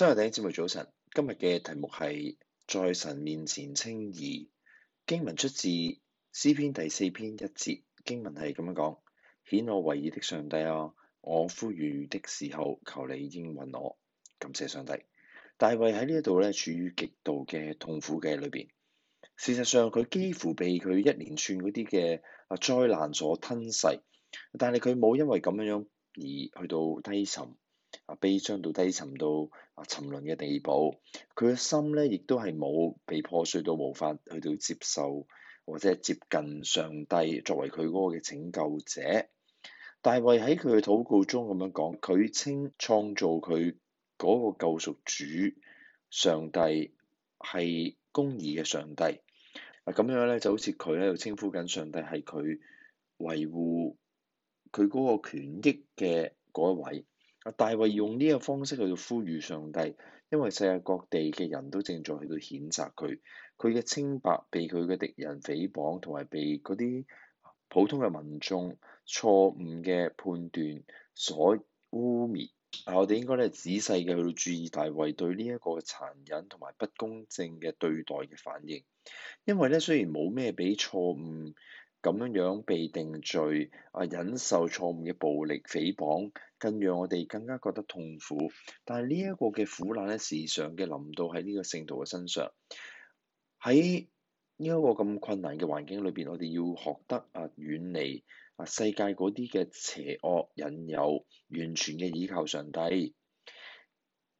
收聽第一節目，早晨。今日嘅題目係在神面前稱義。經文出自詩篇第四篇一節。經文係咁樣講： 顯我為義的上帝啊，我呼籲的時候，求你應允我。感謝上帝。大衛喺呢一度咧，處於極度嘅痛苦嘅裏邊。事實上，佢幾乎被佢一連串嗰啲嘅啊災難所吞噬，但係佢冇因為咁樣樣而去到低沉。悲傷到低沉到啊沉淪嘅地步，佢嘅心咧亦都係冇被破碎到，無法去到接受或者接近上帝作為佢嗰個嘅拯救者。大衛喺佢嘅禱告中咁樣講，佢稱創造佢嗰個救贖主上帝係公義嘅上帝。啊，咁樣咧就好似佢喺度稱呼緊上帝係佢維護佢嗰個權益嘅嗰一位。啊！大衛用呢個方式去到呼籲上帝，因為世界各地嘅人都正在去到譴責佢，佢嘅清白被佢嘅敵人誹謗，同埋被嗰啲普通嘅民眾錯誤嘅判斷所污衊。啊！我哋應該咧仔細嘅去到注意大衛對呢一個殘忍同埋不公正嘅對待嘅反應，因為咧雖然冇咩比錯誤，咁樣被定罪啊，忍受錯誤嘅暴力、誹謗，更讓我哋更加覺得痛苦。但係呢一個嘅苦難咧，時常嘅臨到喺呢個聖徒嘅身上。喺呢一個咁困難嘅環境裏邊，我哋要學得啊遠離啊世界嗰啲嘅邪惡引誘，完全嘅倚靠上帝。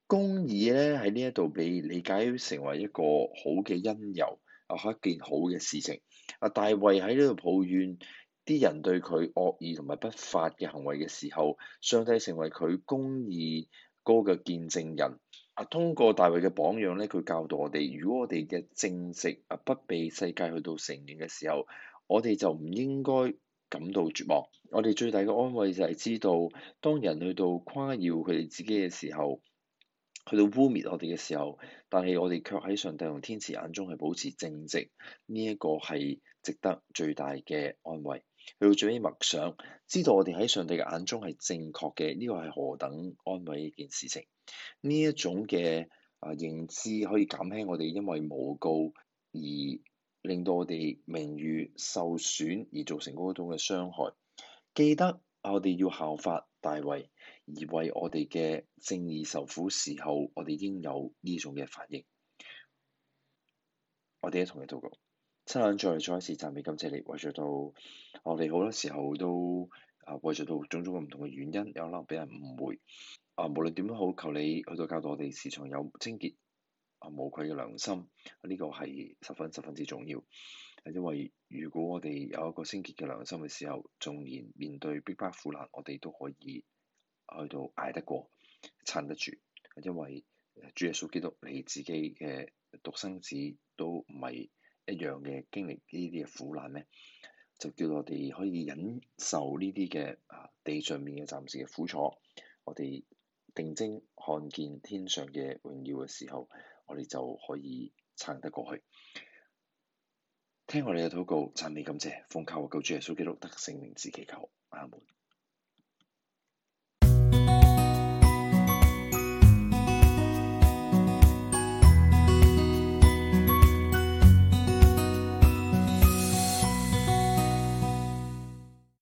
公義咧喺呢一度被理解成為一個好嘅因由。啊，係一件好嘅事情。啊，大衛喺呢度抱怨啲人對佢惡意同埋不法嘅行為嘅時候，上帝成為佢公義哥嘅見證人。啊，通過大衛嘅榜樣，咧，佢教導我哋，如果我哋嘅正直啊不被世界去到承認嘅時候，我哋就唔應該感到絕望。我哋最大嘅安慰就係知道，當人去到誇耀佢哋自己嘅時候。去到污蔑我哋嘅時候，但係我哋卻喺上帝同天使眼中係保持正直，呢、這、一個係值得最大嘅安慰。去到最尾默想，知道我哋喺上帝嘅眼中係正確嘅，呢、這個係何等安慰嘅一件事情。呢一種嘅啊認知可以減輕我哋因為誣告而令到我哋名譽受損而造成嗰種嘅傷害。記得我哋要效法。大為而為我哋嘅正義受苦時候，我哋應有呢種嘅反應。我哋一同嚟禱告，親，再再一次讚美感次你為咗到我哋好多時候都啊為咗到種種唔同嘅原因，有可能俾人誤會啊。無論點樣好，求你去到教導我哋，市常有清潔啊無愧嘅良心，呢個係十分十分之重要。係因為如果我哋有一個清潔嘅良心嘅時候，縱然面對逼迫苦難，我哋都可以去到捱得過、撐得住。因為主耶穌基督你自己嘅獨生子都唔係一樣嘅經歷呢啲嘅苦難咩？就叫我哋可以忍受呢啲嘅啊地上面嘅暫時嘅苦楚，我哋定睛看見天上嘅榮耀嘅時候，我哋就可以撐得過去。聽我哋嘅禱告，讚美感謝，奉靠我救主耶穌基督得聖靈之祈求，阿門。